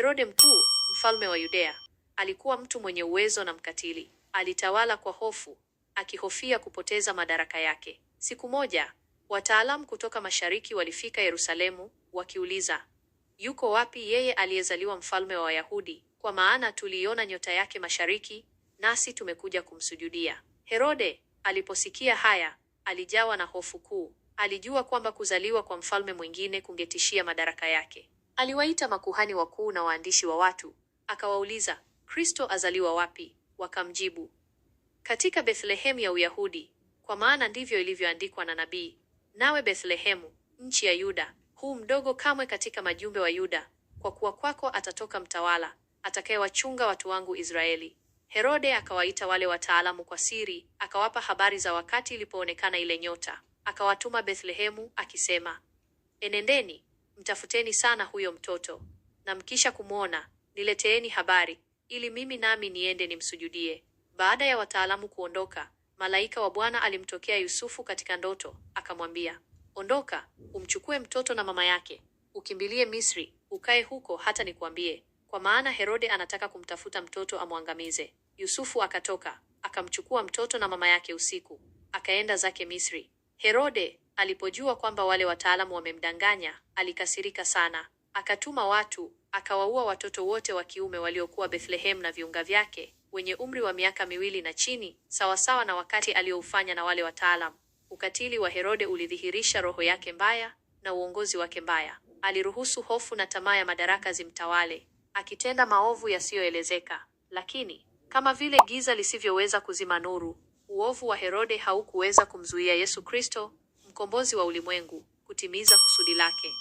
Herode Mkuu, mfalme wa Yudea, alikuwa mtu mwenye uwezo na mkatili. Alitawala kwa hofu, akihofia kupoteza madaraka yake. Siku moja, wataalamu kutoka mashariki walifika Yerusalemu wakiuliza, yuko wapi yeye aliyezaliwa mfalme wa Wayahudi? Kwa maana tuliiona nyota yake mashariki, nasi tumekuja kumsujudia. Herode aliposikia haya, alijawa na hofu kuu. Alijua kwamba kuzaliwa kwa mfalme mwingine kungetishia madaraka yake. Aliwaita makuhani wakuu na waandishi wa watu, akawauliza, Kristo azaliwa wapi? Wakamjibu, katika Bethlehemu ya Uyahudi, kwa maana ndivyo ilivyoandikwa na nabii, nawe Bethlehemu, nchi ya Yuda, huu mdogo kamwe katika majumbe wa Yuda, kwa kuwa kwako atatoka mtawala atakayewachunga watu wangu Israeli. Herode akawaita wale wataalamu kwa siri, akawapa habari za wakati ilipoonekana ile nyota, akawatuma Bethlehemu akisema, enendeni mtafuteni sana huyo mtoto, na mkisha kumwona nileteeni habari, ili mimi nami niende nimsujudie. Baada ya wataalamu kuondoka, malaika wa Bwana alimtokea Yusufu katika ndoto, akamwambia, ondoka, umchukue mtoto na mama yake, ukimbilie Misri, ukae huko hata nikuambie, kwa maana Herode anataka kumtafuta mtoto amwangamize. Yusufu akatoka akamchukua mtoto na mama yake usiku, akaenda zake Misri. Herode Alipojua kwamba wale wataalamu wamemdanganya, alikasirika sana, akatuma watu akawaua watoto wote wa kiume waliokuwa Bethlehem na viunga vyake wenye umri wa miaka miwili na chini, sawasawa na wakati aliyoufanya na wale wataalamu. Ukatili wa Herode ulidhihirisha roho yake mbaya na uongozi wake mbaya. Aliruhusu hofu na tamaa ya madaraka zimtawale, akitenda maovu yasiyoelezeka. Lakini kama vile giza lisivyoweza kuzima nuru, uovu wa Herode haukuweza kumzuia Yesu Kristo ukombozi wa ulimwengu, kutimiza kusudi lake.